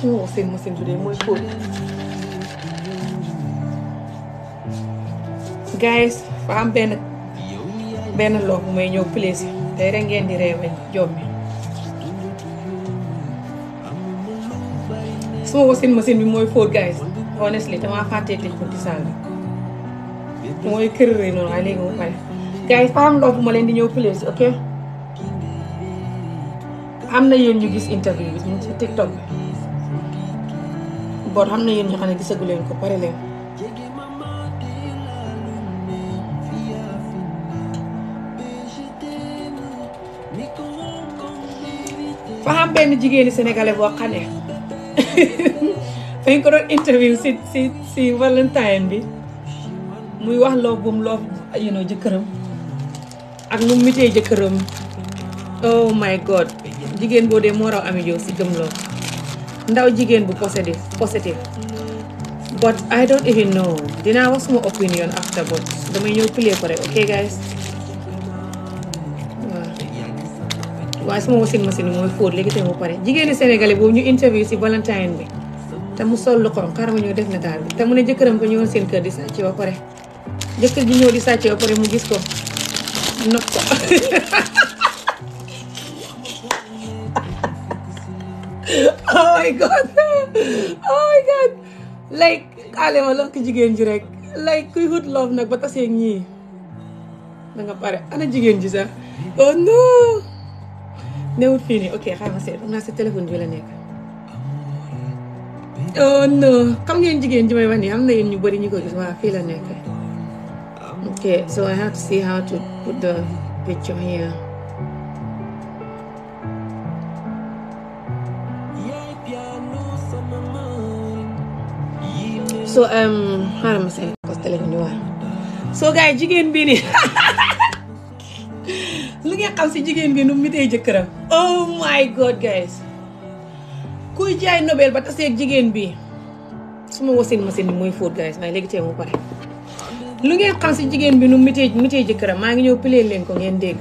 sinon seen machine bi de mooy fóot guys fa am benn benn loo bu may ñëw place yi tey rek ngeen di reewe job bi suma wasin machine bi mooy fóot guys honestly damaa fàtte tëj ko ci sànni mooy kër rëy noonu waaye léegi mu pare guys fa am loo bu ma leen di ñëw place ok am na yéen ñu gis interview bi ñu ci TikTok bon xam na yéen xam ne gisagu leen ko pare leen fa xam benn jigéenu sénégalais boo xam ne fañ ko doon interview si si si valentine bi muy wax loo bum loo you know jëkkëram ak nu mu mitee jëkkëram oh my god jigéen boo dee moo raw ami jow si gëm loo ndaw jigéen bu possédé possédé but I don't even know dinaa wax suma opinion after but damay ñëw play ko rek ok guys waaw waaye suma wasin machine mooy fóot léegi tey mu pare jigéeni sénégalais boobu ñu interview si valentine bi te mu sol lu xonk xarama ñoo def na bi te mu ne jëkkëram ko ñëwoon seen kër di sàcc ba pare jëkkër ji ñëw di sàcc ba pare mu gis ko nopp ko Oh, oh my god like kaale ma lakk jigéen ji rek like kuy wut love nag ba tasee ñii da nga pare ana jigéen ji sax oh no newut fii nii ok xaaral ma seet téléphone bi la nekk oh no xam ngeen jigéen ji may wax nii am na yéen ñu bari ñu ko gis waaw fii la nekk ok so I have to see how to put the picture here so xaaral ma soo gars yi jigéen bii nii lu ngeen xam si jigéen bi nu mu mitee jëkkëram oh my god guys kuy jaay nobel ba taseeg jigéen bi suma wasin machine bi muy fóot guys waaye léegi tey mu pare lu ngeen xam si jigéen bi nu mitee mitee jëkkëram maa ngi ñëw pileen leen ko ngeen dégg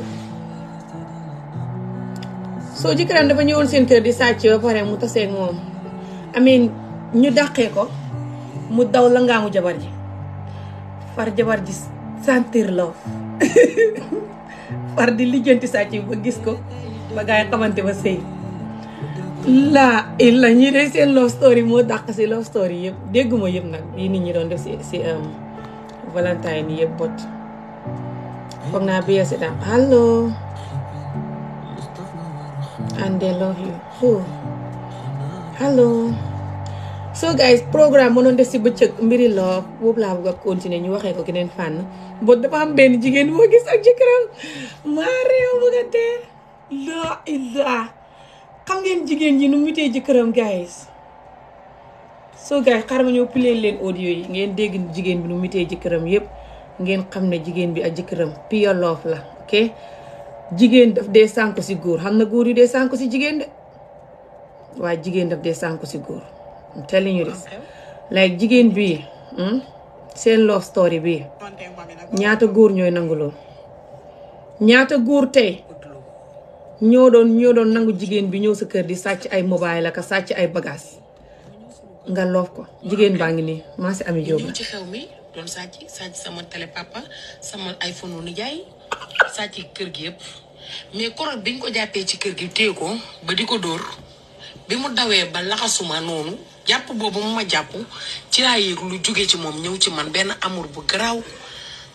soo jëkkëram dafa ñëwoon seen kër di sàcc ba pare mu taseeg moom amee ñu dàqee ko mu daw la ngaamu jabar ji far jabar ji sentir love far di lijjanti sàcc bi ba gis ko ba gaa yi xamante ba sëy laa illa ñi de seen love story moo dàq si love story yëpp dégguma yëpp nag yi nit ñi doon def si si um, valentine yëpp bot foog naa bi si daam allo and so guys programme mënoon def si bëccëg mbiri loo boobu laa bëgg ñu waxee ko keneen fànn boo dafa am benn jigéen gis ak jëkkëram xam ngeen jigéen ñi nu mu tee jëkkëram guys so guys xaaral ma ñëw leen audio yi ngeen dégg jigéen bi nu mu tee jëkkëram yëpp ngeen xam ne jigéen bi ak jëkkëram pure love la ok jigéen daf dee sànku si góor xam na góor yi dee sànku si jigéen de waaye jigéen daf dee sànku si góor I'm telling you this jigéen bi hmm? seen love story bii ñaata góor ñooy nangu lool ñaata góor tey ñoo doon ñoo doon nangu jigéen bi ñëw sa kër di sàcc ay mobile la ka sàcc ay bagaas nga loof ko jigéen baa ngi nii maa si ami jóob ci xew mi doon sàcc sàcc sama télé papa sama ay u nijaay sàcc kër gi yëpp mais koroot biñ ko jàppee ci kër gi téye ko ba di ko dóor bi mu dawee ba laxasuma noonu jàpp boobu mu ma jàpp ci laa lu jóge ci moom ñëw ci man benn amur bu garaaw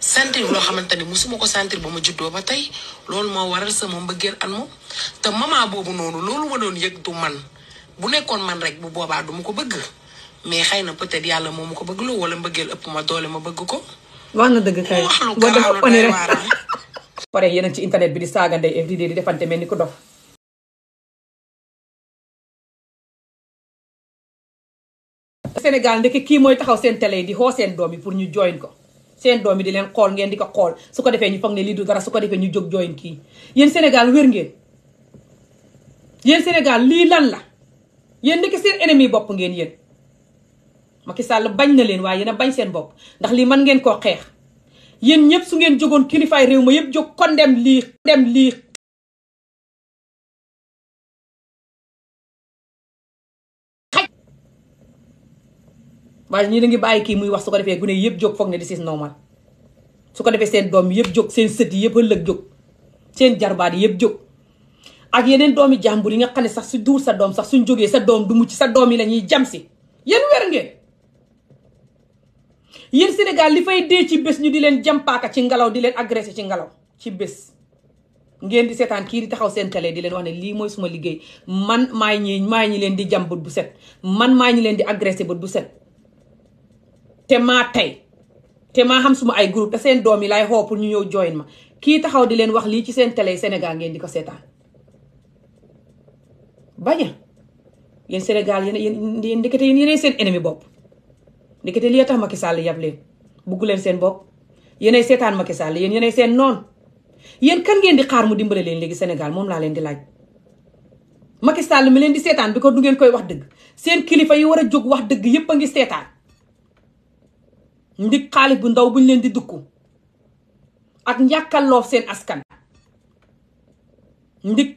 sentir loo xamante ni suma ko sentir ba ma juddoo ba tey loolu moo waral sama mbëggeel an moom te ma boobu noonu loolu ma doon yëg du man bu nekkoon man rek bu boobaa du ma ko bëgg mais xëy na peut-être yàlla moom mu ko bëgg loo wala mbëggeel ëpp ma doole ma bëgg ko. wax na dëgg kay boo dafa one rek pare yéen ci internet bi di saaga ndey everyday di defante mel ni ko dof Sénégal ndeke kii mooy taxaw seen télé yi di xoo seen doom yi pour ñu join ko seen doom yi di leen xool ngeen di ko xool su ko defee ñu foog ne lii du dara su ko defee ñu jóg join kii yéen Sénégal wér ngeen yéen Sénégal lii lan la yéen ndeke seen ennemi bopp ngeen yéen Macky sàll bañ na leen waaye yéen a bañ seen bopp ndax lii man ngeen koo xeex yéen ñëpp su ngeen jógoon kilifaay réew ma yëpp jóg condemn lii condemn lii waaye ñii da ngi bàyyi kii muy wax su ko defee gune yëpp jóg foog ne di siis normal su ko defee seen doom yëpp jóg seen sët yëpp ëllëg jóg seen jarbaat yëpp jóg ak yeneen doomi jàmbur yi nga xam ne sax su duur sa doom sax suñ jógee sa doom du mucc sa doom yi la ñuy jam si yéen wér ngeen yéen li fay dee ci bés ñu di leen jam ci ngelaw di leen agressé ci ngelaw ci bés ngeen di seetaan kii di taxaw seen télé di ne lii mooy suma liggéey man maay ñi maay ñi leen di jam bët bu set man maay ñi leen di agressé bët bu set te maa tey te maa xam suma ay groupe te seen doom yi lay xoo pour ñu ñëw join ma kii taxaw di leen wax lii ci seen télé Sénégal ngeen di ko seetaan baña yéen Sénégal yéen yéen ndekete yéen yéenay seen ennemi bopp ndekete li tax Macky sàll yab leen bugg leen seen bopp yéenay seetaan Macky sàll yéen yéenay seen noon yéen kan ngeen di xaar mu dimbale leen léegi Sénégal moom laa leen di laaj Macky sàll mi leen di seetaan bi ko du ngeen koy wax dëgg seen kilifa yi war a jóg wax dëgg yépp a ngi seetaan ndig xaalis bu ndaw buñ leen di dukku ak njàkkaloof seen askan ndig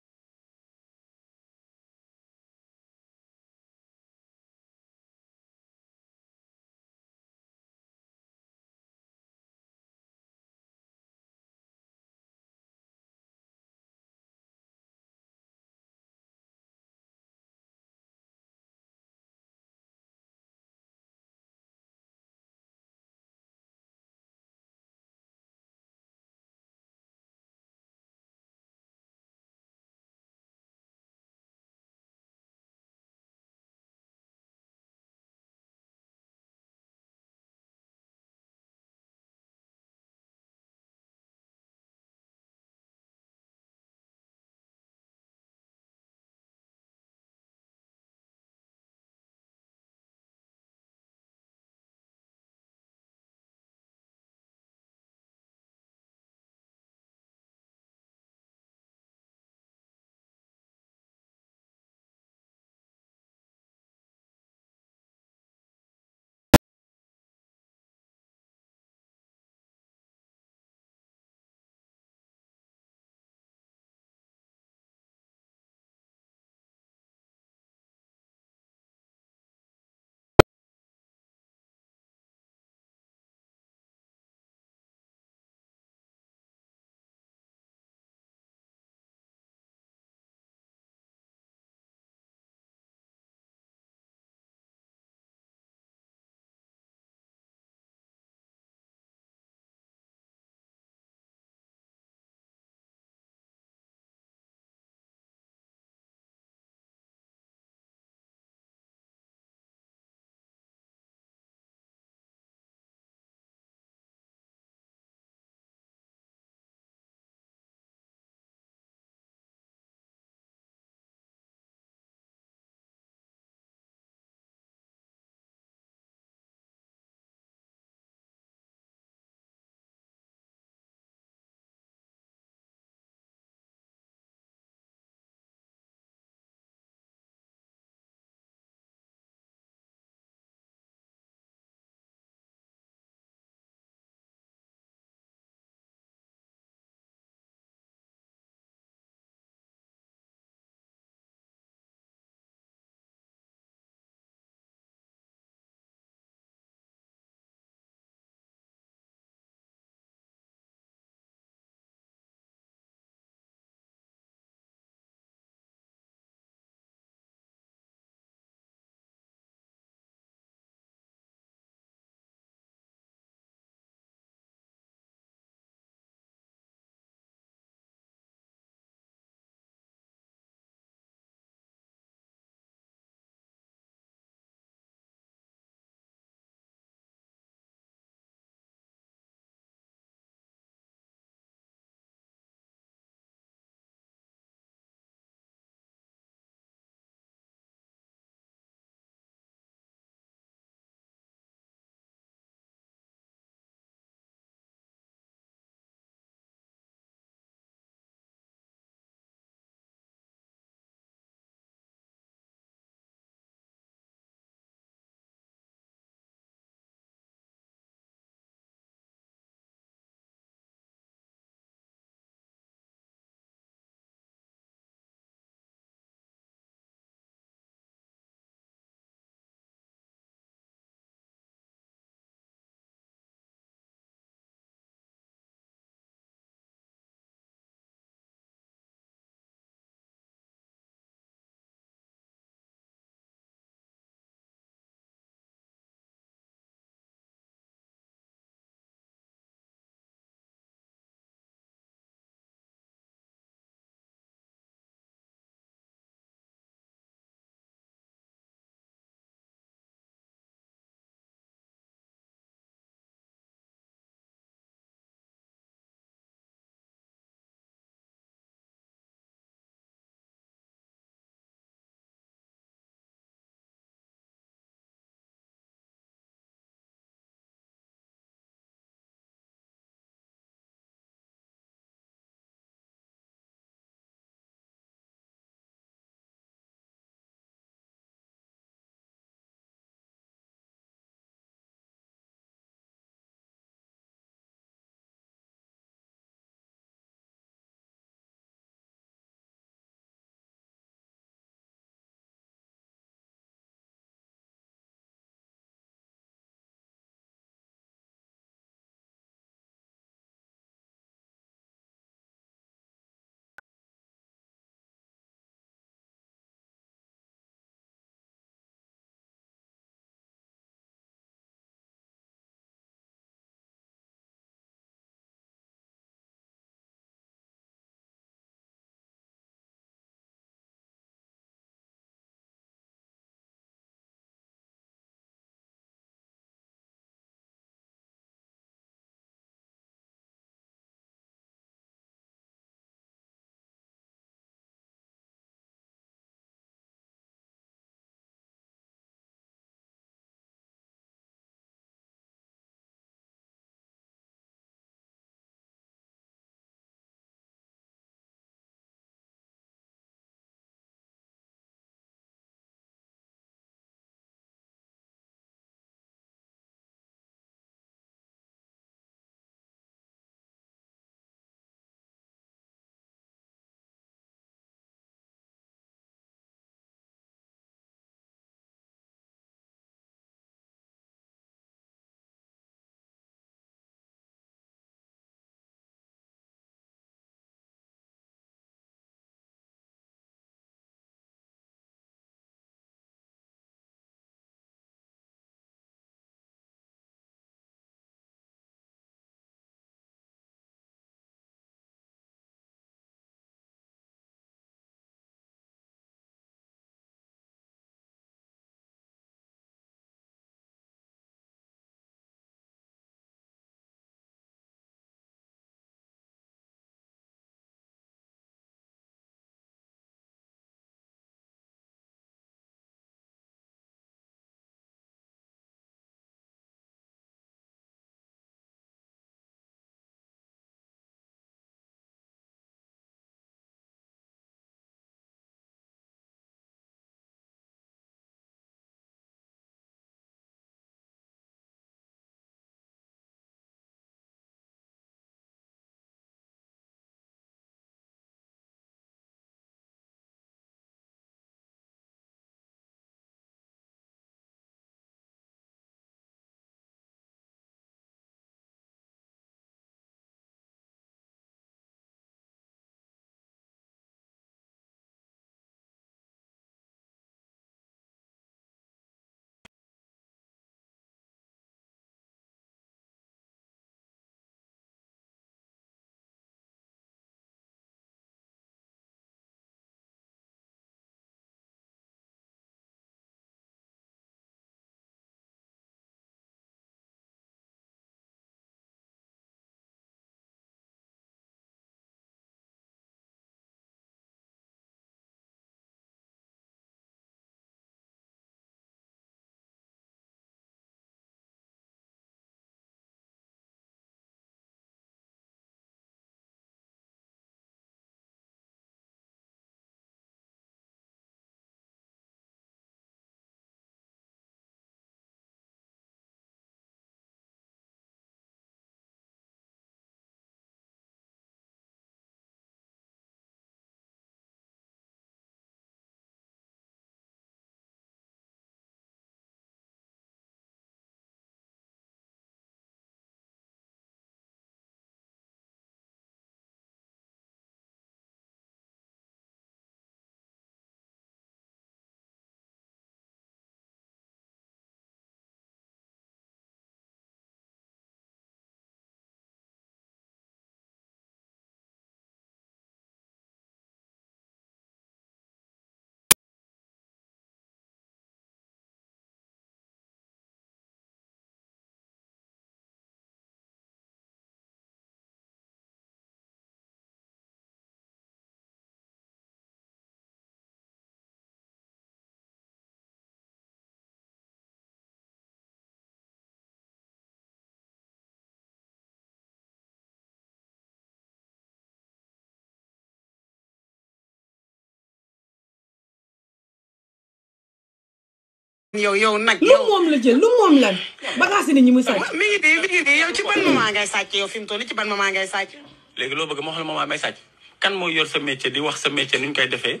yow yow nag lu moom la jël lu moom lan bagaas yi ni ñi mu sàcc. mi ngi dee mi ngi dee ci ban moment ngay sàcc yow fi mu toll ci ban moment ngay sàcc. léegi loo bëgg moo xam ne moment may sàcc kan moo yor sa métier di wax sa métier ni ñu koy defee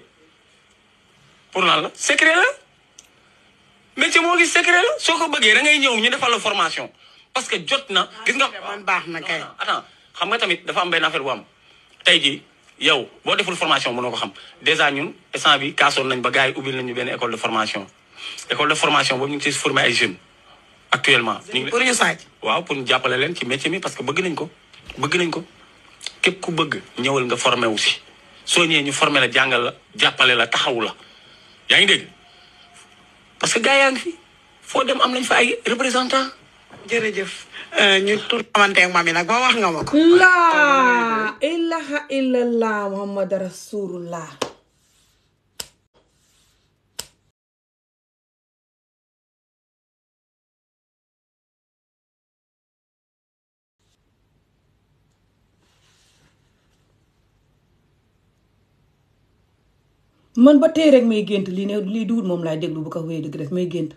pour lan la secret la métier moo gis secret la soo ko bëggee da ngay ñëw ñu defal la formation parce que jot na. gis nga man ah, baax na kay. attends xam nga tamit dafa am benn affaire bu am tey jii yow boo deful formation mënoo ko xam dèjà ñun instant bi kaasoon nañ ba gars yi ubbil nañu benn école de formation. école de formation boobu ñu ngi ciy former ay jeunes actuellement. pour ñu saaj waaw pour ñu jàppale leen ci métier mi parce que bëgg nañ ko bëgg nañ ko képp ku bëgg ñëwal nga formé aussi soo ñëwee ñu formé la jàngal la jàppale la taxawu la yaa ngi parce que gars yaa ngi fi foo dem am nañ fa ay représentant jërëjëf euh, ñu tur xamante ak maam yi nag ba wax nga ma ko. laa ilaha illallah muhammad rasulullah man ba tey rek may gént lii ne lii duwut moom laay déglu bu ko wéy dëgg def may gént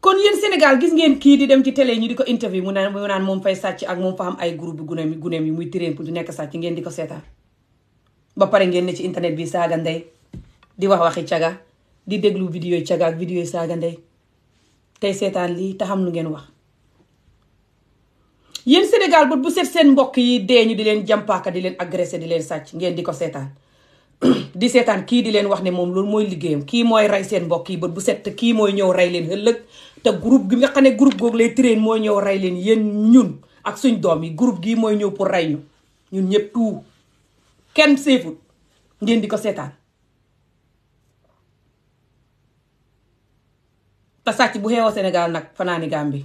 kon yéen Sénégal gis ngeen kii di dem ci télé ñu di ko interview mu naan mu naan moom fay sàcc ak moom fa am ay groupe guneem guneem yi muy tireen pour du nekk sàcc ngeen di ko seetaan ba pare ngeen ne ci internet bi saaga ndey di wax waxi caga di déglu vidéo caga ak vidéo tey seetaan lii taxam lu ngeen wax yéen Sénégal bët bu set seen mbokk yi dee ñu di leen jàmpaaka di leen agressé di leen sàcc ngeen di ko seetaan di seetaan kii di leen wax ne moom loolu mooy liggéeyam kii mooy rey seen mbokk yi bët bu set kii mooy ñëw rey leen ëllëg te group gi nga xam ne groupe googu lay train mooy ñëw rey leen yéen ñun ak suñ doom yi group gii mooy ñëw pour rey ñu ñun ñëpp tout kenn seefut ngeen di ko seetaan te sàcc bu xeewoo senegal nag fanaani Gàmbi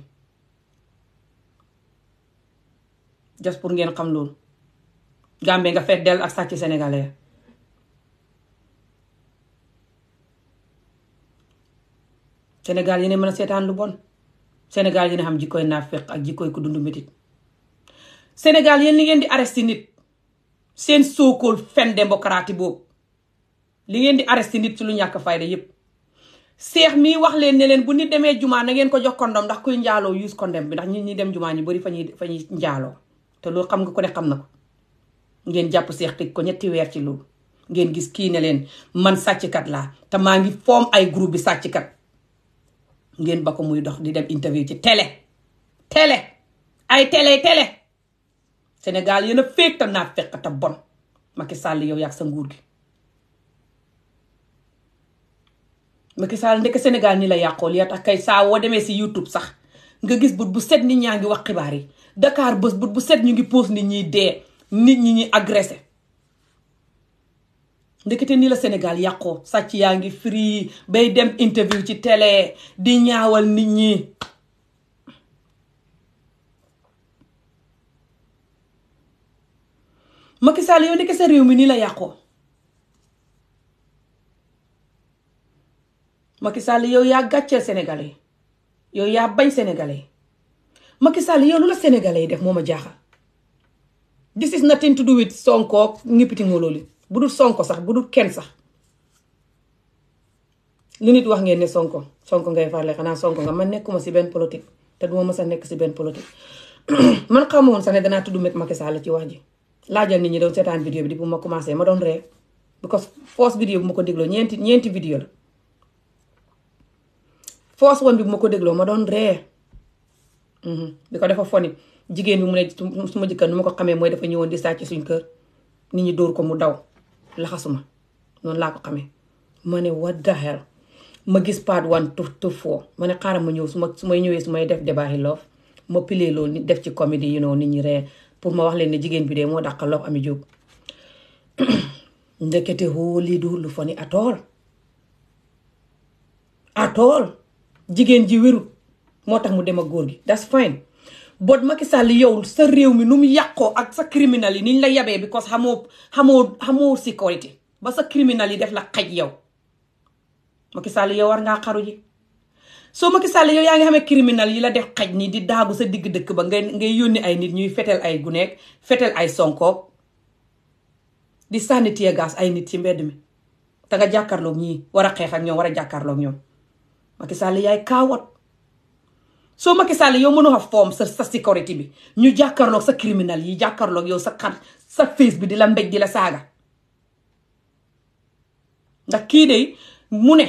just pour ngeen xam loolu Gàmbi nga feet del ak sàcc sénégalais Sénégal yéen mën a seetaan lu bon Sénégal yéen xam naa naafeq ak jikkoy ku dund métit Sénégal yéen li ngeen di arrêté nit seen sookool fen démocratie boobu li ngeen di arrêté nit ci lu ñàkk fayda yépp seex mii wax leen ne leen bu nit demee jumaa na ngeen ko jox kondom ndax kuy njaaloo use kondom bi ndax nit ñi dem jumaa ñu bari fa ñuy fa ñuy njaaloo te loolu xam nga ko ne xam na ko ngeen jàpp seex teg ko ñetti weer ci loolu ngeen gis kii ne leen man sàcckat laa te maa ngi foom ay groupe sàcckat ngeen ba ko muy dox di dem interview ci télé télé ay télé télé Sénégal yéen a féeg naa fekk te bon Macky sàll yow yàgg sa nguur gi Macky sàll ndeke Sénégal ni la yàqool yaa tax kay saawoo demee si YouTube sax nga gis but bu set nit ñaa ngi wax xibaar yi dakaar bës but bu set ñu ngi poos nit ñi dee nit ñi ñuy agressé ndekete nii la Sénégal yàqoo sàcc yaa ngi free bay dem interview ci télé di ñaawal nit ñi Macky Sall yow ndeke sa réew mi nii la yàqoo Macky Sall yow yaa gàcceel sénégalais yow yaa bañ sénégalais Macky Sall yow lu la sénégalais def moo ma jaaxal this is nothing to do with Sonko ñëppiti ngoloo li bu dul sonko sax bu dul kenn sax li nit wax ngeen ne sonko sonko ngay farle xanaa sonko nga man nekkuma si benn politique te duma mës a nekk si benn politique man xamu woon sax ne danaa tudd met Macky Sall wax ji laajal nit ñi doon seetaan vidéo bi di bu ma commencé ma doon ree because force vidéo bu ma ko dégloo ñeenti ñeenti vidéo la bi ma ko dégloo ma doon ree bi mhm. ko dafa jigéen bi mu ne su ma jëkkër nu ma ko xamee mooy dafa ñëwoon di sàcc suñ kër nit ñi dóor ko mu daw laxasuma noonu laa ko xamee ma ne what ma gis part one to to four ma ne xaaral ma ñëw su ma su may ñëwee su may def débat loof ma pilee loolu def ci comédie yi noonu nit ñi ree pour ma wax leen ne jigéen bi de moo dàq loof Ami jóg ndekete woo lii du lu fani atool atool jigéen ji wéru moo tax mu dem a góor gi that's fine boo Macky Sall yow sa réew mi nu mu yàqoo ak sa criminal yi niñ la yabee because xamoo xamoo xamoo sécurité ba sa criminal yi def la xaj yow Macky Sall yow war ngaa xaru soo Macky Sall yow yaa ngi xamee criminal yi la def xaj nii di daagu sa digg dëkk ba ngay ngay yónni ay nit ñuy fetel ay guneek fetel ay sonkook di sànni tear ay nit ci mbedd mi te nga jàkkaarloog ñii war a xeex ak ñoom war a jàkkaarloog ñoom Macky Sall yaay kaawat soo Macky Sall yow mënoo xam forme sa sa sécurité bi ñu jàkkaarloog sa criminel yi jàkkaarloog yow sa xar sa face bi di la mbéj di la saaga ndax kii de mu ne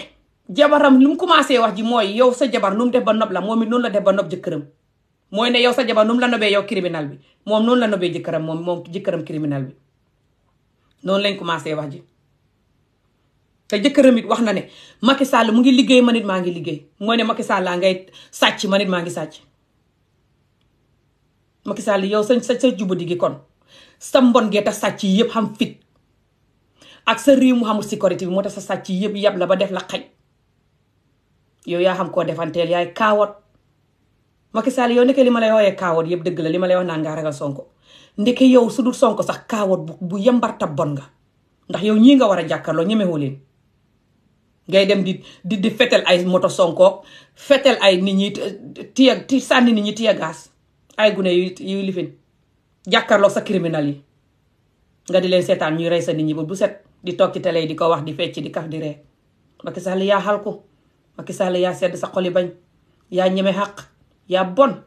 jabaram lu mu commencé wax ji mooy yow sa jabar lu mu def ba nob la moom it noonu la def ba nob jëkkëram mooy ne yow sa jabar nu la nobee yow criminel bi moom noonu la nobee jëkkëram moom moom jëkkëram criminel bi noonu lañ commencé wax ji te jëkkëram it wax na ne Macky Sall mu ngi liggéey man it maa ngi liggéey mooy ne Macky Sall ngay sàcc man it maa ngi sàcc Macky Sall yow sa sa sa jubadi gi kon sa mbon gee tax sàcc yëpp xam ak sa mu xamul sécurité bi moo sa sàcc yëpp yab la ba def la xañ yow yaa xam koo defanteel yaay kaawot Macky Sall yow li ma lay wooyee kaawot yëpp dëgg la li ma lay wax naan ngaa ragal Sonko ndeke yow su dul Sonko sax kaawot bu bu yambarta bon nga ndax yow ñii nga war a jàkkaarloo ñemewoo leen ngay dem di di di fetel ay moto sonkook fetel ay nit ñi tiya ti sànni nit ñi tiya gaas ay gune yu yuy lifin jàkkarloo sa criminal yi nga di leen seetaan ñuy rey sa nit ñi ba bu set di toog ci télé yi di ko wax di fecc di kaf di ree Macky Sall yaa xalku Macky Sall yaa sedd sa xoli bañ yaa ñeme xaq yaa bon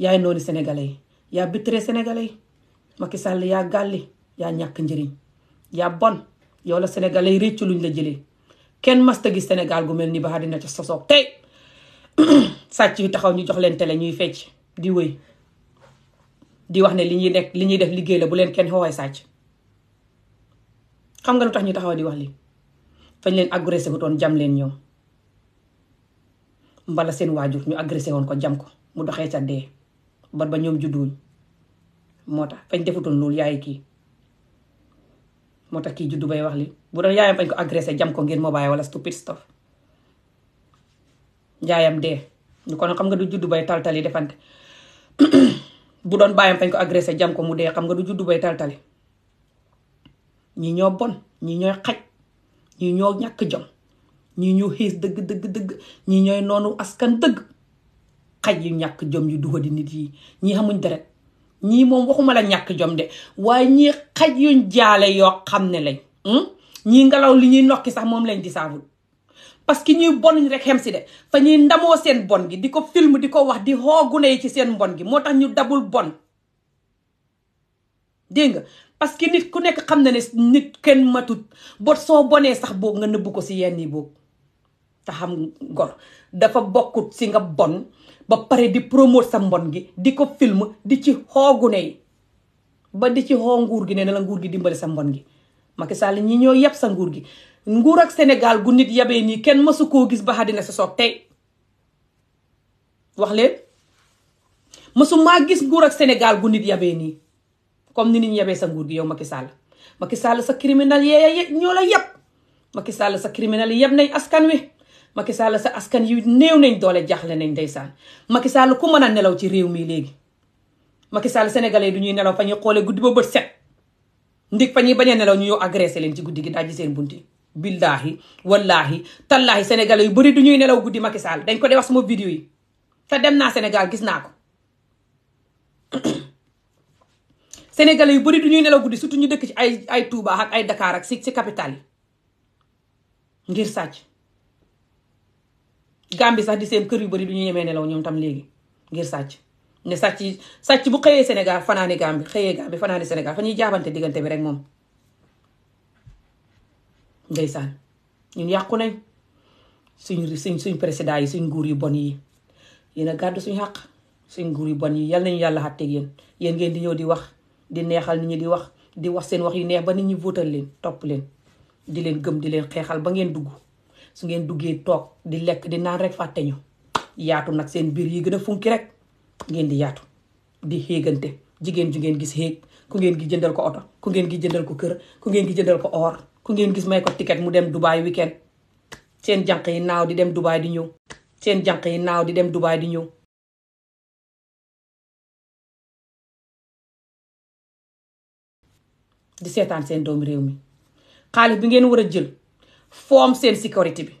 yaay noonu sénégalais yi yaa bittre sénégalais yi Macky Sall yaa gàlli yaa ñàkk njëriñ yaa bon yow la sénégalais yi réccu luñ la jëlee kenn masta gis senegal gu mel ni ba dina ca sosoog tey sàcc yu taxaw ñu jox leen télé ñuy fecc di wëy di wax ne li ñuy nekk li ñuy def liggéey la bu leen kenn xooxee sàcc xam nga lu tax ñu taxaw di wax li fañ leen agressé gu doon jam leen ñoom mbala seen waajur ñu agressé woon ko jam ko mu doxee ca dee ba ba ñoom judduwuñ moo tax fañ defutoon loolu yaay kii moo tax kii juddu bay wax li bu doon yaayam bañ ko agressé jam ko ngir mobile wala stupid stuff yaayam dee ñu kon xam nga du juddu ba taltali defante bu doon bàyyam fañ ko agressé jam ko mu dee xam nga du juddu bay taltali ñi ñoo bon ñi ñooy xaj ñi ñoo ñàkk jom ñi ñoo xiis dëgg dëgg ñii ñi ñooy noonu askan dëgg xaj yu ñàkk jom yu duga di nit yi ñii xamuñ deret ñii moom waxuma la ñàkk jom de waaye ñii xaj yuñ jaale yoo xam ne lañ hmm? ñii ngelaw li ñuy nokki sax moom lañ di saabul parce que ñuy bonuñ rek xem si de fa ñuy ndamoo seen bon gi di ko film di ko wax di xoogune yi ci seen mbon gi moo tax ñu dabul bon dégg nga parce que nit ku nekk xam na ne nit kenn matut bot soo bonee sax boog nga nëbb ko si yenn yi boog te xam ngor dafa bokkut si nga bon ba pare di promote sa mbon gi di ko film di ci xoogu ne ba di ci xoo nguur gi ne ne la nguur gi dimbali sa mbon gi Macky sàll ñi ñoo yab sa nguur gi nguur ak Sénégal gu nit yabee nii kenn mësu koo gis ba xadina sa soog tey wax leen mësu nguur ak Sénégal gu nit yabee nii comme ni nit ñi yabee sa nguur gi yow Macky Sall Macky Sall sa criminal yee ñoo la yab Macky Sall sa criminal yab nay askan wi Macky Sall sa askan yu néew nañ doole jaaxle nañ ndeysaan Macky Sall ku mën a nelaw ci réew mii léegi Macky Sall sénégalais du ñuy nelaw fa ñuy guddi ba bët set ndig fa ñuy bañ nelaw ñu yow agressé leen ci guddi gi dajji seen bunti billaahi wallaahi tallaahi sénégalais yu bëri du ñuy nelaw guddi Macky Sall dañ ko dee wax sama vidéo yi te dem naa senegal gis naa ko senegale yu bari du ñuy nelaw guddi surtout ñu dëkk ci ay ay Touba ak ay dakaar ak si si capital yi ngir sàcc Gambie sax di seen kër yu bari du ñu yemee nelaw ñoom tam léegi ngir sàcc ne sàcc sàcc bu xëyee Sénégal fanaani Gambie xëyee Gambie fanaani Sénégal fa ñuy jaabante diggante bi rek moom ndeysaan ñun yàqu nañ suñ suñ suñ président yi suñ nguur yu bon yi yéen a gàddu suñ xàq suñ nguur yu bon yi yal nañu yàlla xàtteeg yéen yéen ngeen di ñëw di wax di neexal nit ñi di wax di wax seen wax yu neex ba nit ñi vóotal leen topp leen di leen gëm di leen xeexal ba ngeen dugg su ngeen duggee toog di lekk di naan rek fàtte ñu yaatu nag seen biir yi gën a funki rek ngeen di yaatu di xéegante jigéen ju ngeen gis xéeg ku ngeen gi jëndal ko oto ku ngeen gi jëndal ko kër ku ngeen gi jëndal ko or ku ngeen gis may ko ticket mu dem Dubai weekend seen jànq yi naaw di dem Dubai di ñëw seen jànq yi naaw di dem Dubai di ñëw di seetaan seen doomu réew mi xaalis bi ngeen war a jël foom seen sécurité bi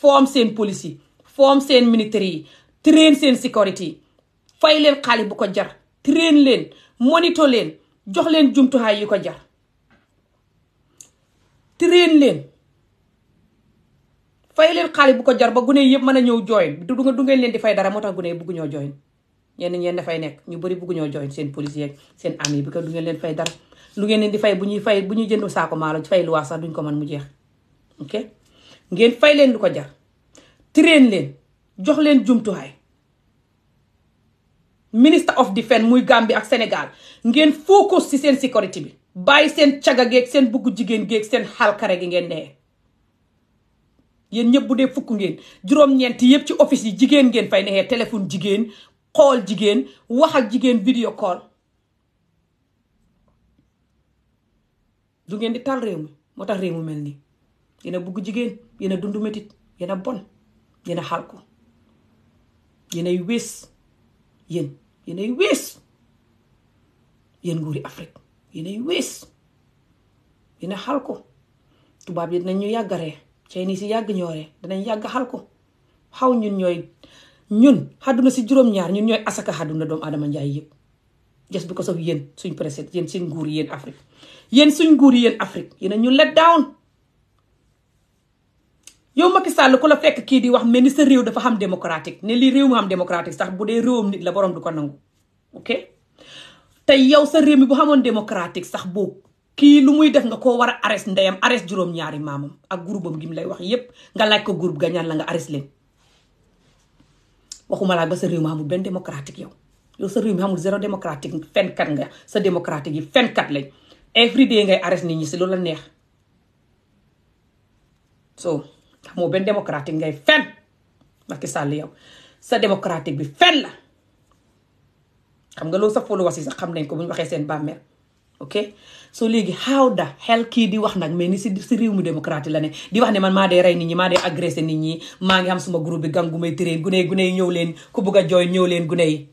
foom seen police yi foom seen militaire yi train seen sécurité yi fay leen xaalis bu ko jar train leen monito leen jox leen jumtuwaay yu ko jar train leen fay leen xaalis bu ko jar ba gune yëpp mën a ñëw join du du ngeen leen di fay dara moo tax gune yi bugg ñoo join ñenn ñeen dafay nekk ñu bëri bugg ñoo join seen police yeeg seen armée bi ko du ngeen leen fay dara lu ngeen di fay bu ñuy fay bu ñuy jënd saako maalo fay waa sax duñ ko mën mu jeex ok ngeen fay leen du ko jar train leen jox leen jumtuwaay minister of defence muy Gambie ak senegal ngeen focus ci seen sécurité bi bàyyi seen caga geeg seen bugg jigéen geeg seen xalkare gi ngeen nee yéen ñëpp bu dee fukk ngeen juróom-ñeenti yëpp ci office yi jigéen ngeen fay nexee téléphone jigéen xool jigéen wax ak jigéen video call du ngeen di tal réew mi moo tax réew mu mel nii yéen a bugg jigéen yéen a dund yenn yéen a bon yéen a xalku yéen ay wees yéen yéen ay wees yéen nguuri Afrique yéen ay wees yéen a xalku tubaab yi dinañ ñu yàggaree Chinese yi yàgg ñooree danañ yàgg xalku xaw ñun ñooy ñun xadduna si juróom-ñaar ñun ñooy asaka xadduna doomu adama njaay yëpp just because of yéen suñ président yéen seen nguur yéen Afrique yéen suñ nguur yéen Afrique yéen ñu let down yow Macky Sall ko la fekk kii di wax mel ni sa réew dafa xam démocratique ne lii réew mu xam démocratique sax bu dee réewam nit la borom du ko nangu ok te yow sa réew mi bu xamoon démocratique sax boobu kii lu muy def nga koo war a arrêté ndeyam arrêté juróom-ñaari maamam ak groupam gi mu lay wax yépp nga laaj ko groupe ga ñaan la nga arrêté waxuma laa ba sa réew mi amul benn démocratique yow yow sa réew mi amul zéro démocratique fenkat nga sa démocratique yi fenkat lañ every day ngay arrêté nit ñi si loolu la neex ndax moo benn démocratique ngay fen Macky Sall yow sa démocratique bi fen la xam nga loolu sa followers yi sax xam nañ ko bu ñu waxee seen bàmmeel ok soo léegi how the hell kii di wax nag mais ni si si réew mu démocratie la ne di wax ne man maa dee rey nit ñi maa dee agressé nit ñi maa ngi am suma groupe bi gang gu may tëreen gune yi gune yi ñëw leen ku bugg a jooy ñëw leen gune yi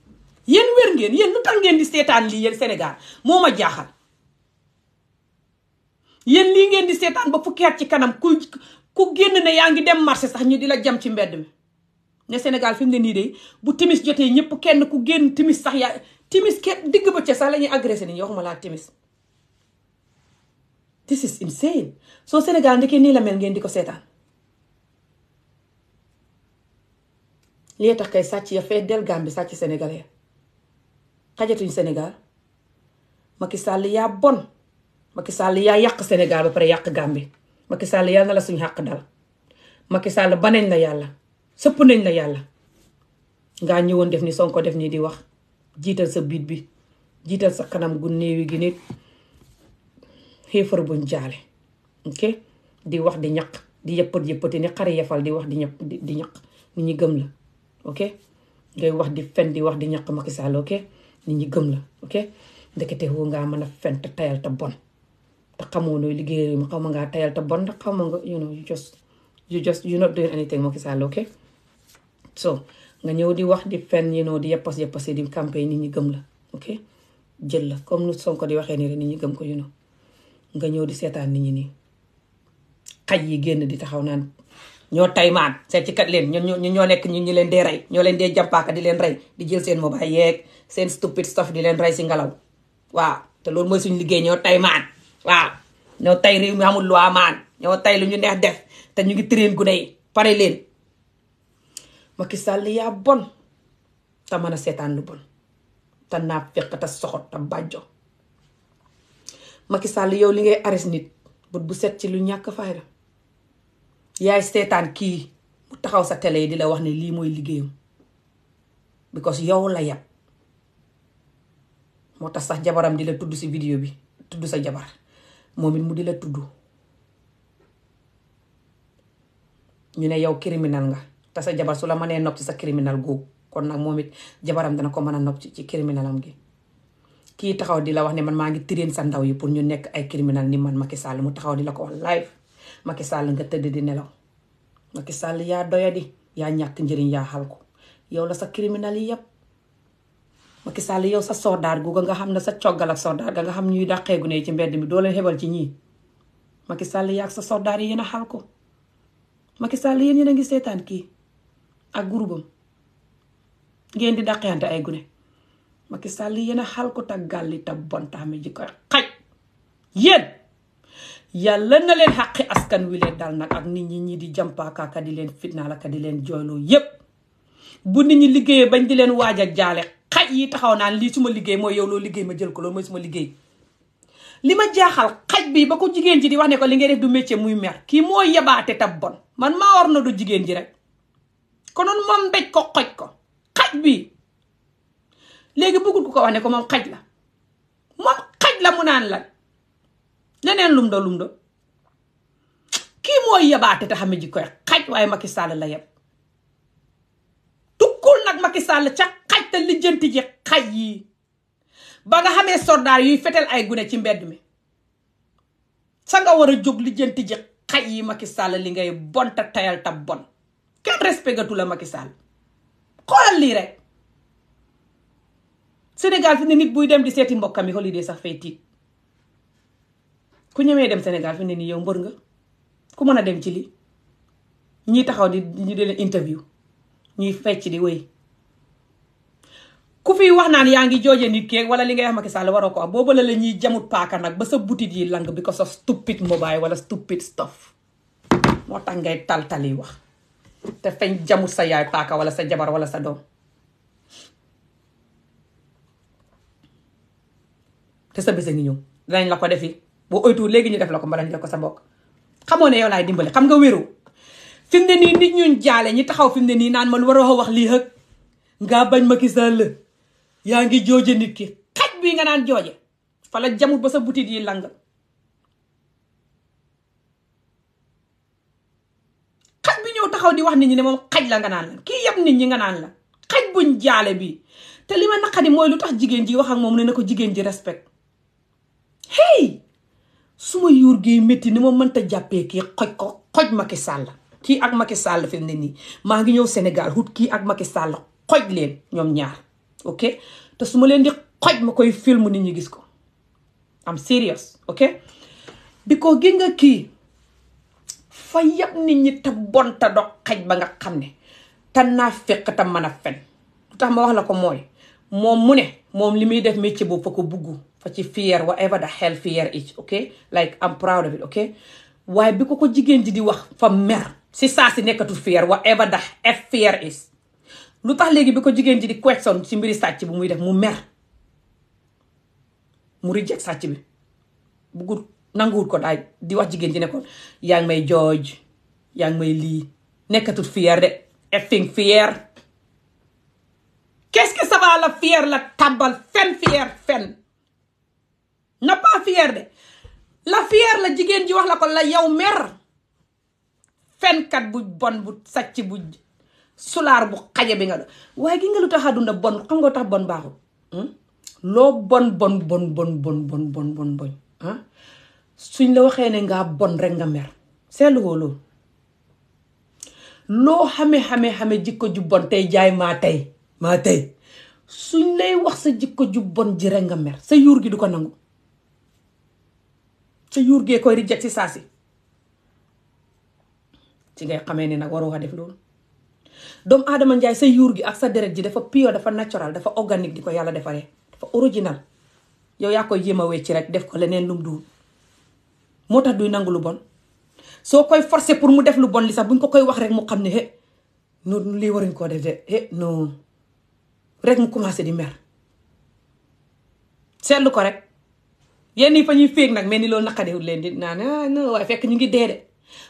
yéen wér ngeen yéen lu ngeen di seetaan lii yéen Sénégal moo ma jaaxal yéen lii ngeen di seetaan ba fukki ci kanam ku ku génn ne yaa ngi dem marché sax ñu di la jam ci mbedd mi ne senegal fi ne nii de bu timis jotee ñëpp kenn ku génn timis sax yaa timis kenn digg bëccëg sax la ñuy agressé nii waxuma laa soo Sénégal ndeke nii la mel ngeen di ko seetaan lii tax kay sàcc ya fee del Gambie sàcc sénégalais xajatuñ Sénégal Macky Sall yaa bon Macky Sall yaa yàq Sénégal ba pare yàq gàmbi Macky Sall yal na la suñu xàq dal Macky Sall baneñ na yàlla sëpp nañ la yàlla ngaa ñëwoon def ni Sonko def nii di wax jiital sa biit bi jiital sa kanam gu néewi gi nit xéefar buñ jaale ok di wax di ñaq di yëppat yëppati ni xari yefal di wax di ñaq di ñaq nit ñi gëm la ok ngay wax di fen di wax di ñaq Macky Sall ok nit ñi gëm la ok ndekete woo ngaa mën a fen te tayal te bon te xamoo nooy liggéey mu xaw ma te bon te xaw ma nga you know you just you just you not doing so nga ñëw di wax di fen you know di yeppas yeppas di campagne nit ñi gëm la jël la comme nu Sonko di waxee nii rek nit gëm ko you know nga ñëw di seetaan nit ñi nii xaj yi génn di taxaw naan ñoo taymaan seet ci leen ñu ñoo nekk ñu ñi leen dee rey ñoo leen dee jàmpaaka di leen rey di jël seen mobile yeeg seen stupid stuff di leen rey si ngelaw waaw te loolu mooy suñu liggéey ñoo taymaan waaw ñoo tey réew mi amul loi maan ñoo tey lu ñu neex def te ñu ngi train gune yi pare leen Macky sàll yaa bon te mën a seetaan lu bon te naa fekk te soxot te bàjjo Macky Sall yow li ngay ares nit bu set ci lu ñàkk fayda yaay seetaan kii mu taxaw sa télé yi di la wax ni lii mooy liggéeyam because yow la yab moo tax sax jabaram di la tudd ci vidéo bi tudd sa jabar moom it mu di la tudd ñu ne yow criminal nga te sa jabar su la mënee nopp ci sa criminal googu kon nag moom it jabaram dana ko mën a nopp ci ci criminalam gi kii taxaw di la wax ne man maa ngi tireen sa ndaw yi pour ñu nekk ay criminal ni man Macky Sall mu taxaw di la ko wax live Macky nga tëdd di nelaw Macky Sall yaa doya yaa ñàkk njëriñ yaa xal ko yow la sa criminal yi yëpp Macky Sall yow sa sordaar googa nga xam na sa coggal ak sordaar ga nga xam ñuy dàqeegu ne ci mbedd mi doo leen xebal ci ñii Macky Sall yaa ak sa sordaar yi yéen a xal ko Macky Sall yéen yéen a ngi seetaan kii ak gurubam ngeen di dàqeante ay gune Macky Sall a xal ko te gàlli te bon taxame ji koy xaj yéen yàlla na leen xaqi askan wi dal nag ak nit ñi ñi di jàmpaakaaka di leen fitnaal aka di leen jooyloo yépp bu nit ñi liggéeyee bañ di leen waaj a jaale xaj yi taxaw naan lii suma liggéey mooy yow loo liggéey ma jël ko loolu mooy suma liggéey li ma jaaxal xaj bi ba ko jigéen ji di wax ne ko li ngay def du métier muy mer kii mooy yebaate tab bon man maa war na du jigéen ji rek konoon moom ko xoj ko xaj bi léegi bëggul ko wax ne ko moom xaj la moom xaj la mu naan la leneen lum do lum do kii mooy yebaate te xame ji xaj waaye Macky Sall la yeb tukkul nag Macky Sall ca te lijjanti ji xaj yi ba nga xamee soldaar yuy fetel ay gune ci mbedd mi sa nga war a jóg lijjanti ji xaj yi Macky Sall li ngay bon te tayal ta bon kenn respectatu la Macky Sall lii rek Sénégal fi ne nit buy dem di seeti mbokkam yi holiday sax fay tiit ku ñemee dem Sénégal fi ne nii yow mbër nga ku mën a dem ci li ñi taxaw di ñu di leen interview ñuy fecc di wéy ku fi wax naan yaa ngi jooje nit keeg wala li ngay wax Macky Sall waroo ko am boobu la la jamut paaka nag ba sa butit yi lang bi ko sa stupid mobile wala stupid stuff moo tax ngay taltali wax te feñ jamut sa yaay paaka wala sa jabar wala sa doom te sa bés a ngi ñëw danañ la ko defi boo oytu léegi ñu def la ko ma ñu def ko sa mbokk xamoo ne yow laay dimbale xam nga wéru fi mu ne nii nit ñun jaale ñi taxaw fi mu ne nii naan man waroo wax lii hëg nga bañ Macky Sall yaa ngi jooje nit ki xaj bii nga naan jooje fala la jamut ba sa butit yi lang xaj bi ñëw taxaw di wax nit ñi ne moom xaj la nga naan la kii yëpp nit ñi nga naan la xaj buñ jaale bi te li ma naqadi mooy lu tax jigéen ji wax ak moom ne na ko jigéen ji respect hey su ma yuur gi metti ni ma mënta jàppee kii xoj ko xoj Macky Sall kii ak Macky Sall fi mu ne nii maa ngi ñëw senegal hut kii ak Macky sàll xoj leen ñoom ñaar ok te suma leen di xoj ma koy film nit ñi gis ko am serious ok bi ko gi kii fa yab nit ñi te bon te do xaj ba nga xam ne tan naa fekk te mën a fen lu tax ma wax la ko mooy moom mu ne moom li muy def métier boobu fa ko buggu fa ci fier whatever the hell fier it ok like I'm proud of it ok waaye bi ko ko jigéen ji di wax fa mer si saa si nekkatul fier whatever the f fier is lu tax léegi bi ko jigéen ji di question ci mbiri sàcc bi muy def mu mer mu rijek sàcc bi buggut nanguwut ko daay di wax jigéen ji ne ko yaa ngi may jooj yaa ngi may lii nekkatut fier de effing fier qu'est-ce que la fier la tàbbal fen fier fen na pas de la fier la jigéen ji wax la ko la yow mer fenkat bu bon bu sàcc bu sulaar bu xaje bi nga doon waaye gi nga lu tax àdduna bon xam nga tax bon baaxul hmm? loo bon bon bon bon bon bon bon bon bon ah suñ la waxee ne ngaa bon rek nga mer seetlu woo loo xame-xame-xame jikko tey jaay maa tey maa tey suñ lay wax sa jikko ju bon ji nga mer sa yuur gi du ko nangu sa yuur gee koy rijat si saa si ci ngay xamee ne nag waroo def loolu doomu aadama njaay sa yuur gi ak sa deret ji dafa piyo dafa natural dafa organique di ko yàlla defaree dafa original yow yaa koy jéem a wecc rek def ko leneen lum duul moo tax duy nangu lu bon soo koy forcer pour mu def lu bon li sax bu ñu ko koy wax rek mu xam ne he lii waruñ koo def de he non rek mu commencé di mer seetlu ko rek yenn yi fa ñuy féeg nag mais ni loolu naqadewul leen di naan ah, waaye fekk ñu ngi dee de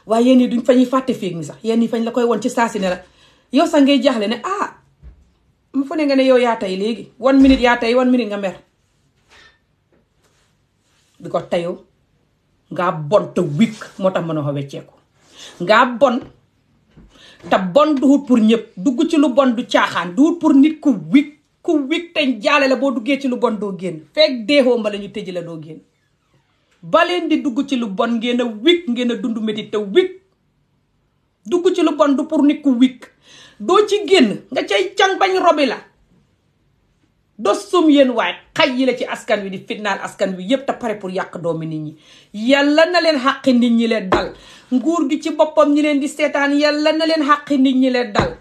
waaye yenn yi duñ fa ñuy fàtte féeg mi sax yenn yi fañ la koy won ci saa si la yow sax ngay jaaxle ne ah mu fa ne nga ne yow yaa tey léegi one minute yaa tey one minute nga mer bi ko teyoo ngaa bon te wik moo tax mënoo ko wecceeku ngaa bon te bon duhut pour ñëpp dugg ci lu bon du caaxaan duhut pour nit ku wik te jaale la boo duggee ci lu bon doo génn fekk deexoo ma la ñu tëj la doo génn baleen di dugg ci lu bon ngeen a wik ngeen a dund métit te wik dugg ci lu bon du pour nit ku wik doo ci génn nga cay can bañ robi la dosum yéen waaye xaj yi la ci askan wi di fitnaal askan wi yépp te pare pour yàq doomi nit ñi yàlla na leen xàqi nit ñi leen dal nguur gi ci boppam ñi leen di seetaan yàlla na leen xàqi nit ñi leen dal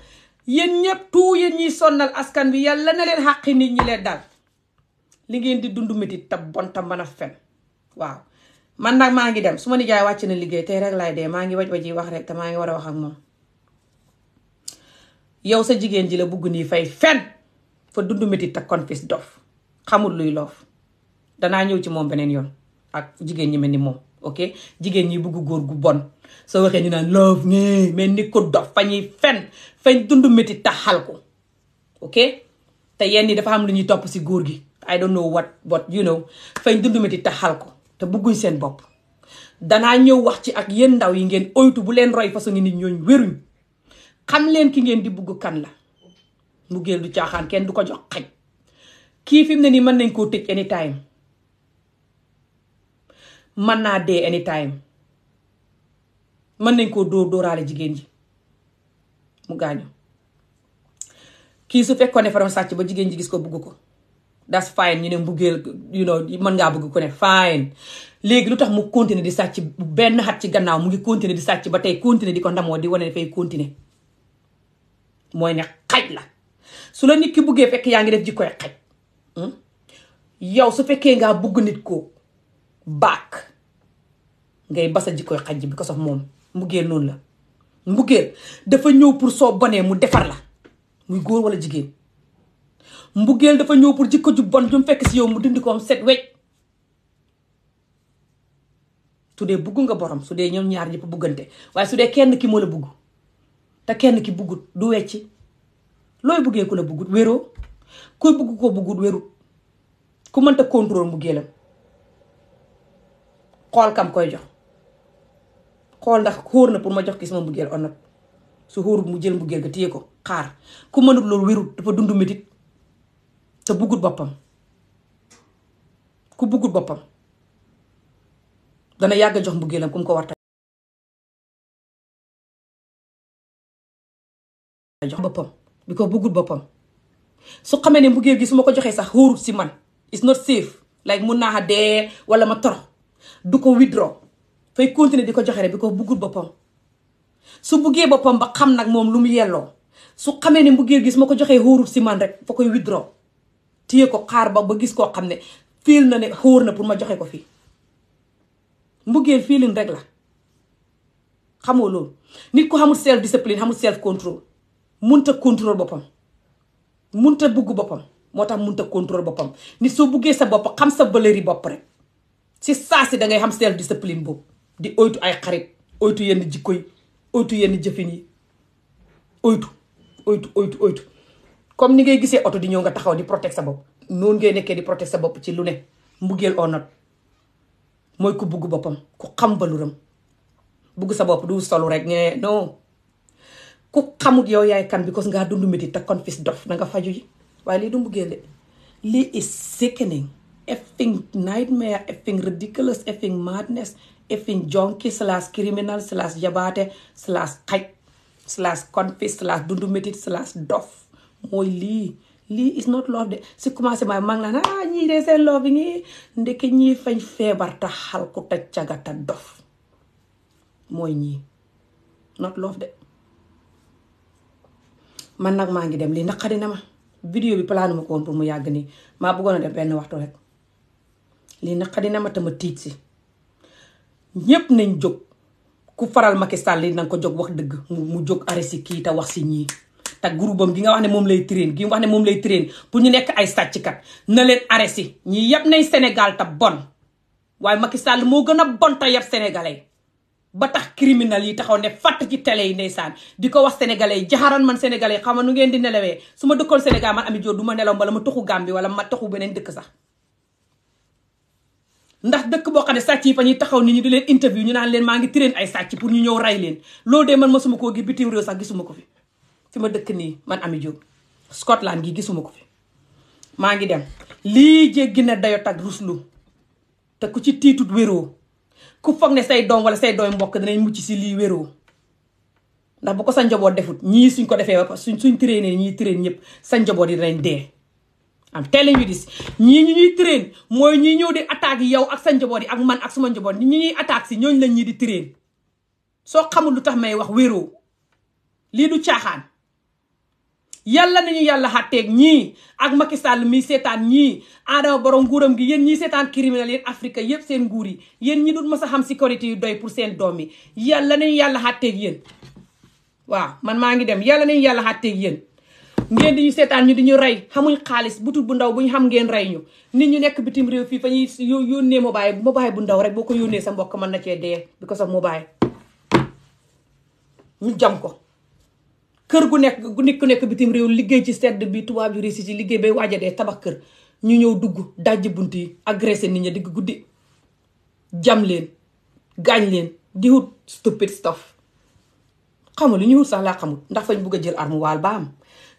yéen ñëpp tout yéen ñiy sonnal askan wi yàlla na leen xàqi nit ñi leen dal li ngeen di dund métit te bon te mën a fen waaw man nag maa ngi dem su ma nijaay wàcc na liggéey tey rek laay dee maa ngi waj waji wax rek te maa ngi war a wax ak moom yow sa jigéen ji la bugg nii fay fen fa dund métit ak confis dof xamul luy lof danaa ñëw ci moom beneen yoon ak jigéen ñi mel ni moom ok jigéen ñi bugg góor gu bon soo waxee ñu naan loof nii mais ni ko dof fa ñuy fen fañ dund métit taxal ko ok te yenn yi dafa am lu ñuy topp si góor gi I don't know what but you know fañ dund métit taxal ko te bugguñ seen bopp danaa ñëw wax ci ak yéen ndaw yi ngeen oytu bu leen roy façon nit ñooñ wéruñ xam leen ki ngeen di bugg kan la mu géel du caaxaan kenn du ko jox xaj kii fi mu ne nii mën nañ koo tëj anytime mën naa dee anytime mën nañ koo dóor jigéen ji mu gaañu kii su fekkoon ne fa doon sàcc ba jigéen ji gis ko bugg ko das fine ñu ne mbugeel you know mën ngaa bëgg ko ne fine léegi lu tax mu continuer di sàcc benn xat ci gannaaw mu ngi continuer di sàcc ba tey continuer di ko ndamoo di wane ne fay mooy ne xaj la su la nit ki buggee fekk yaa ngi def jikkoy xaj hmm? yow su fekkee ngaa bugg nit ko baak ngay basa jikkoy xaj bi ko sof moom mbuggeel noonu la mbuggeel dafa ñëw pour soo bonee mu defar la muy góor walla jigéen mbuggeel dafa ñëw pour jikko ju bon ju mu fekk si yow mu dindi ko am set wecc su dee bugg nga borom su dee ñëw ñaar ñëpp buggante waaye su dee kenn ki moo la bugg te kenn ki buggut du wecci looy buggee ku la buggut wéroo kuy bugg ko buggut wérut ku mënta contrôle mu gélam xool kam koy jox xool ndax xóor na pour ma jox ki sama mbëggeel onat su xóorut mu jël mu ga téye ko xaar ku mënut loolu wérut dafa dund métit te buggut boppam ku buggut boppam dana yàgg jox mu ku mu ko warta jox boppam bi ko buggul boppam su xamee ne mbëggeel gi su ma ko joxee sax wóorul si man it's not safe like mun naa dee wala ma torox du ko withdraw fay continuer di ko joxe rek bi ko bëggul boppam su buggee boppam ba xam nag moom lu mu yelloo su xamee ne mbëggeel gi su ma ko joxee wóorul si man rek fa koy withdraw téye ko xaar ba ba gis koo xam ne fiil na ne xóor na pour ma joxe ko fii mbëggeel feeling rek la xamoo loolu nit ku xamul self discipline xamul self control munta contrôle boppam mun ta bugg boppam moo tax mun ta contrôle boppam nit soo buggee sa bopp xam sa valeur bopp rek si saa si da ngay xam self discipline boobu di oytu ay xarit oytu yenn jikko yi oytu yenn jëfin yi oytu oytu oytu oytu comme ni ngay gisee oto di ñëw nga taxaw di protéger sa bopp noonu ngay nekkee di protéger sa bopp ci lu ne mbugeel oo not mooy ku bugg boppam ku xam baluram bugg sa bopp du solu rek ñu ku xamut yow yaay kan because ngaa dund métit te dof na nga faju yi waaye lii du mbuggeel de lii is sickening effing nightmare effing ridiculous effing madness effing jonki slash criminal slash jabaate slash xaj slash confis slash dundu métit slash dof mooy lii lii is not love de si commencé maay mag naa ah ñii de seen love bi ngi ndeke ñii fañ feebar te xalku te caga dof mooy ñii not love de man nag maa ngi dem lii naqari na ma vidéo bi plaanu ma ko mu yàgg nii maa bëggoon a def benn waxtu rek lii naqari na ma te tiit si ñépp nañ jóg ku faral Macky Sall yi na ko jóg wax dëgg mu jóg arrêté si kii te wax si ñii te groupam gi nga wax ne moom lay train gi wax ne moom lay train pour ñu nekk ay sàcckat na leen arrêté ñii yëpp nañ senegal te bon waaye Macky Sall moo gën a bon te yëpp sénégalais ba tax criminel yi taxaw ne fàtt ci télé yi saan di ko wax sénégalais yi jaxaran man sénégalais yi xama nu ngeen di nelawee su ma dëkkoon Sénégal man Ami Jóob du ma nelaw mbala ma toxu Gàmbi wala ma toxu beneen dëkk sax ndax dëkk boo xam ne sàcc yi fa ñuy taxaw nit ñi leen interview ñu naan leen maa ngi tireen ay sàcc pour ñu ñëw rey leen loolu de man masuma koo gi bitim réew sax ko fi fi ma dëkk nii man Ami Jóob Scotland gi gisuma ko fi maa ngi dem lii jéggi na dayo tag ruslu te ku ci tiitut wéroo ku foog ne say doom wala say doom mbokk danañ mucc si lii wéroo ndax bu ko sa njaboot defut ñii suñ ko defee ba suñ suñ traîner ñuy traîner ñëpp sa njaboot yi danañ dee. am telling you this ñii ñu ñuy train mooy ñi ñëw di attaque yow ak sa njaboot yi ak man ak suma njaboot ñi ñuy attaque si ñooñu lañ ñii di train soo xamut lu tax may wax wéroo lii du caaxaan yàlla na ñu yàlla xàtteeg ñii ak Macky Sall mi seetaan ñii Adama borom nguuram gi yéen ñii seetaan criminel yéen Afrique yépp seen nguur yi yéen ñi dul mës a xam sécurité yu doy pour seen doom yi yàlla nañu yàlla xàtteeg yéen waaw man maa ngi dem yàlla nañu yàlla xàtteeg yéen ngeen di ñu seetaan ñu di ñu rey xamuñ xaalis butul bu ndaw bu ñu xam ngeen rey ñu nit ñu nekk bitim réew fii fa ñuy yónnee mobile mobile bu ndaw rek boo ko yónnee sa mbokk mën na cee dee bi ko sax mobile ñu jam ko kër gu nekk gu nit nekk bitim réew liggéey ci sedd bi tubaab yu réussi ci liggéey bay waaja dee tabax kër ñu ñëw dugg dajji bunt yi agressé nit ña digg guddi jam leen gaañ leen di wut stupid stuff xamul lu ñuy wut sax laa xamul ndax fañ bugg a jël armoire ba am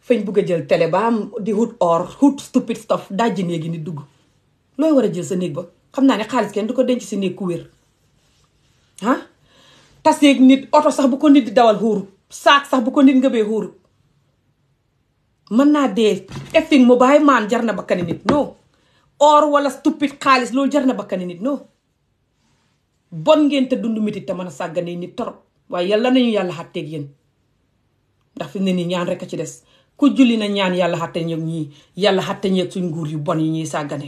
fañ bugg a jël télé ba am di wut or wut stupid stuff dajji néegi nit dugg looy war a jël sa néeg ba xam naa ne xaalis kenn du ko denc si néeg ku wér tas néeg nit oto sax bu ko nit di dawal xuuru saak sax bu ko nit ngëbee xuurut mën naa dee effing mu bàyyi maan jar na bakkani nit non or wala stupide xaalis loolu jar na bakkani nit non bon ngeen te dund mitit te man a sàggane nit torop waaye yàlla nañu yàlla xàtteeg yéen ndax fi ne nii ñaan rek a ci des ku julli na ñaan yàlla xatte ñoom ñii yàlla xatte ñeeg suñ nguur yu bon yi ñuy sàggane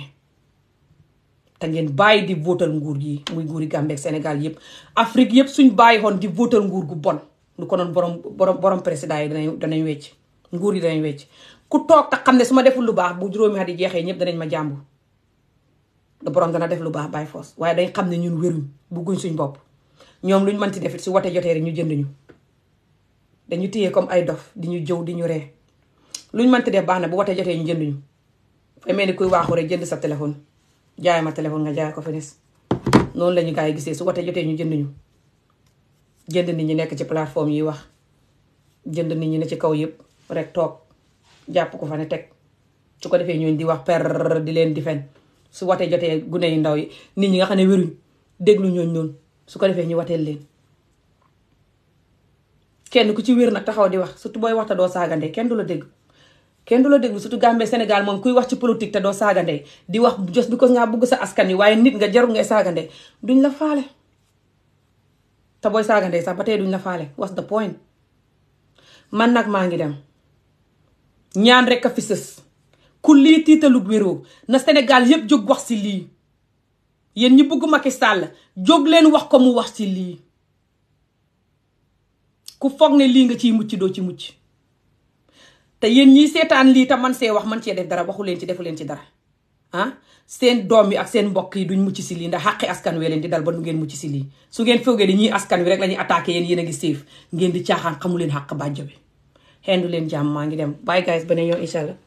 te ngeen bàyyi di votal nguur yi muy nguuri Gambie ak Sénégal yëpp Afrique yëpp suñ bàyyi xoon di votal nguur gu bon lu ko doon borom borom borom président yi danañ danañ wecc nguur yi danañ wecc ku toog te xam ne su ma deful lu baax bu juróomi at yi jeexee ñëpp danañ ma jàmbu da borom dana def lu baax bàyyi foos waaye dañ xam ne ñun wéruñ bugguñ suñ bopp ñoom luñ mënti defit su wote jotee rek ñu jënd ñu dañu téye comme ay dof di jëw di ñu ree luñ def baax na bu wote jotee ñu jënd ñu fay mel ni kuy waaxu rek jënd sa téléphone jaay ma téléphone nga jaay ko fenes noonu la ñu yi gisee su wotee jotee ñu jënd ñu jënd nit ñi nekk ci plateforme yi wax jënd nit ñi ne ci kaw yëpp rek toog jàpp ko fa ne teg su ko defee ñooñu di wax per di leen di fen su watee jotee gune yu ndaw yi nit ñi nga xam ne wéruñ déglu ñooñ noonu su ko defee ñu watee leen kenn ku ci wér nag taxaw di wax surtout booy wax te doo saagandee kenn du la dégg kenn du la déglu surtout Gambie Sénégal moom kuy wax ci politique te doo saagandee di wax jos bi ko ngaa sa askan wi waaye nit nga jarul ngay saagandee duñ te booy saaga ndey sax ba tey duñ la faale what's the point man nag maa ngi dem ñaan rek a fi ku lii tiitalu wéroo na Sénégal yépp jóg wax ci lii yéen ñi bëgg Macky Sall jóg leen wax ko mu wax ci lii ku foog ne lii nga ciy mucc doo ci mucc te yéen ñiy seetaan lii te man see wax man cee def dara waxu leen ci defu leen ci dara ah seen doom yi ak seen mbokk yi duñ mucc si lii ndax xàqi askan we leen di dal ba du ngeen mucc si lii su ngeen foogee di ñuy askan wi rek la ñuy attaqué yéen yéen a ngi séef ngeen di caaxaan xamu leen xàq bàjjo bi xendu leen jàmm maa ngi dem bye guys beneen yoon incha allah